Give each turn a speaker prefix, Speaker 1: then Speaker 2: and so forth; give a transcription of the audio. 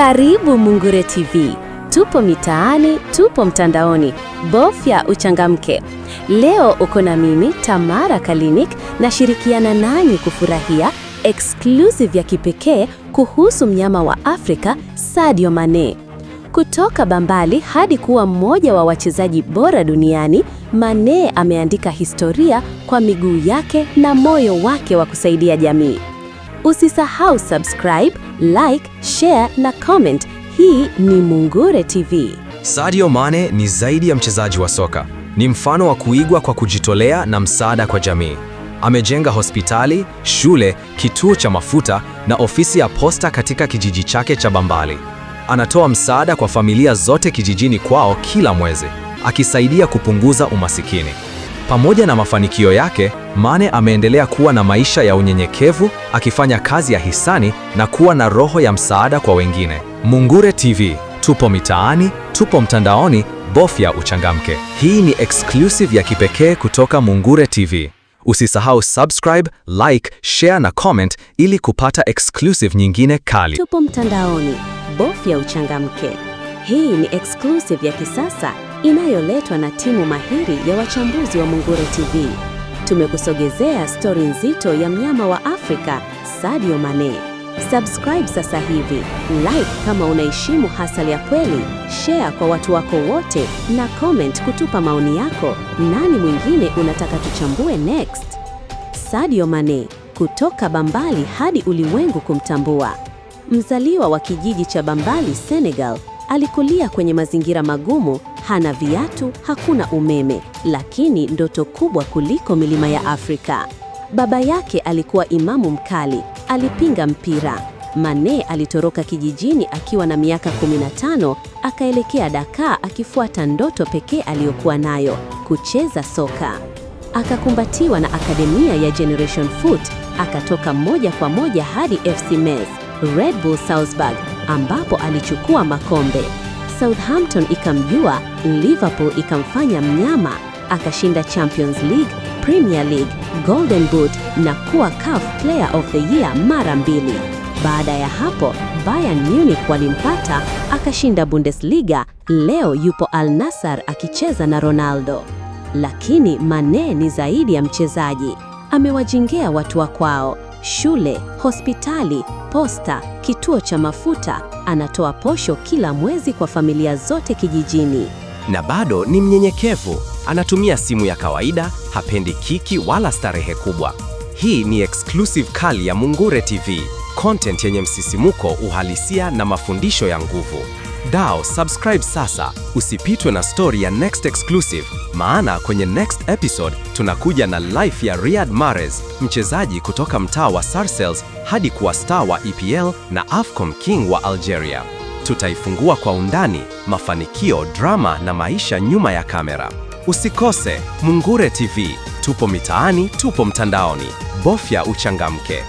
Speaker 1: Karibu Mungure TV, tupo mitaani, tupo mtandaoni. Bofya uchangamke. Leo uko na mimi Tamara Kalinik, nashirikiana nanyi kufurahia exclusive ya kipekee kuhusu mnyama wa Afrika Sadio Mane. Kutoka Bambali hadi kuwa mmoja wa wachezaji bora duniani, Mane ameandika historia kwa miguu yake na moyo wake wa kusaidia jamii. Usisahau subscribe like, share na comment. Hii ni Mungure TV.
Speaker 2: Sadio Mane ni zaidi ya mchezaji wa soka. Ni mfano wa kuigwa kwa kujitolea na msaada kwa jamii. Amejenga hospitali, shule, kituo cha mafuta na ofisi ya posta katika kijiji chake cha Bambali. Anatoa msaada kwa familia zote kijijini kwao kila mwezi, akisaidia kupunguza umasikini. Pamoja na mafanikio yake, Mane ameendelea kuwa na maisha ya unyenyekevu, akifanya kazi ya hisani na kuwa na roho ya msaada kwa wengine. Mungure TV, tupo mitaani, tupo mtandaoni, bofya uchangamke. Hii ni exclusive ya kipekee kutoka Mungure TV. Usisahau subscribe, like, share na comment ili kupata exclusive nyingine kali.
Speaker 3: Tupo mtandaoni, bofya uchangamke. Hii ni exclusive ya kisasa inayoletwa na timu mahiri ya wachambuzi wa Mungure TV. Tumekusogezea stori nzito ya mnyama wa Afrika Sadio Mane. Subscribe sasa hivi, like kama unaheshimu hasali ya kweli, share kwa watu wako wote, na comment kutupa maoni yako. Nani mwingine unataka tuchambue next? Sadio Mane, kutoka Bambali hadi ulimwengu kumtambua. Mzaliwa wa kijiji cha Bambali, Senegal, alikulia kwenye mazingira magumu hana viatu, hakuna umeme, lakini ndoto kubwa kuliko milima ya Afrika. Baba yake alikuwa imamu mkali, alipinga mpira. Mane alitoroka kijijini akiwa na miaka 15 akaelekea Dakar akifuata ndoto pekee aliyokuwa nayo, kucheza soka. Akakumbatiwa na akademia ya Generation Foot, akatoka moja kwa moja hadi FC Metz, Red Bull Salzburg ambapo alichukua makombe. Southampton ikamjua, Liverpool ikamfanya mnyama, akashinda Champions League, Premier League, Golden Boot na kuwa CAF Player of the Year mara mbili. Baada ya hapo Bayern Munich walimpata akashinda Bundesliga. Leo yupo Al Nassr akicheza na Ronaldo. Lakini Mane ni zaidi ya mchezaji, amewajengea watu wa kwao shule, hospitali, posta, kituo cha mafuta. Anatoa posho kila mwezi kwa familia zote kijijini.
Speaker 2: Na bado ni mnyenyekevu, anatumia simu ya kawaida, hapendi kiki wala starehe kubwa. Hii ni exclusive kali ya Mungure TV, content yenye msisimuko, uhalisia na mafundisho ya nguvu. DAO subscribe sasa, usipitwe na stori ya next exclusive, maana kwenye next episode tunakuja na life ya riad mares mchezaji kutoka mtaa wa sarcels hadi kuwa star wa EPL na AFCON King wa Algeria. Tutaifungua kwa undani, mafanikio, drama na maisha nyuma ya kamera. Usikose Mungure TV, tupo mitaani, tupo mtandaoni. Bofya uchangamke.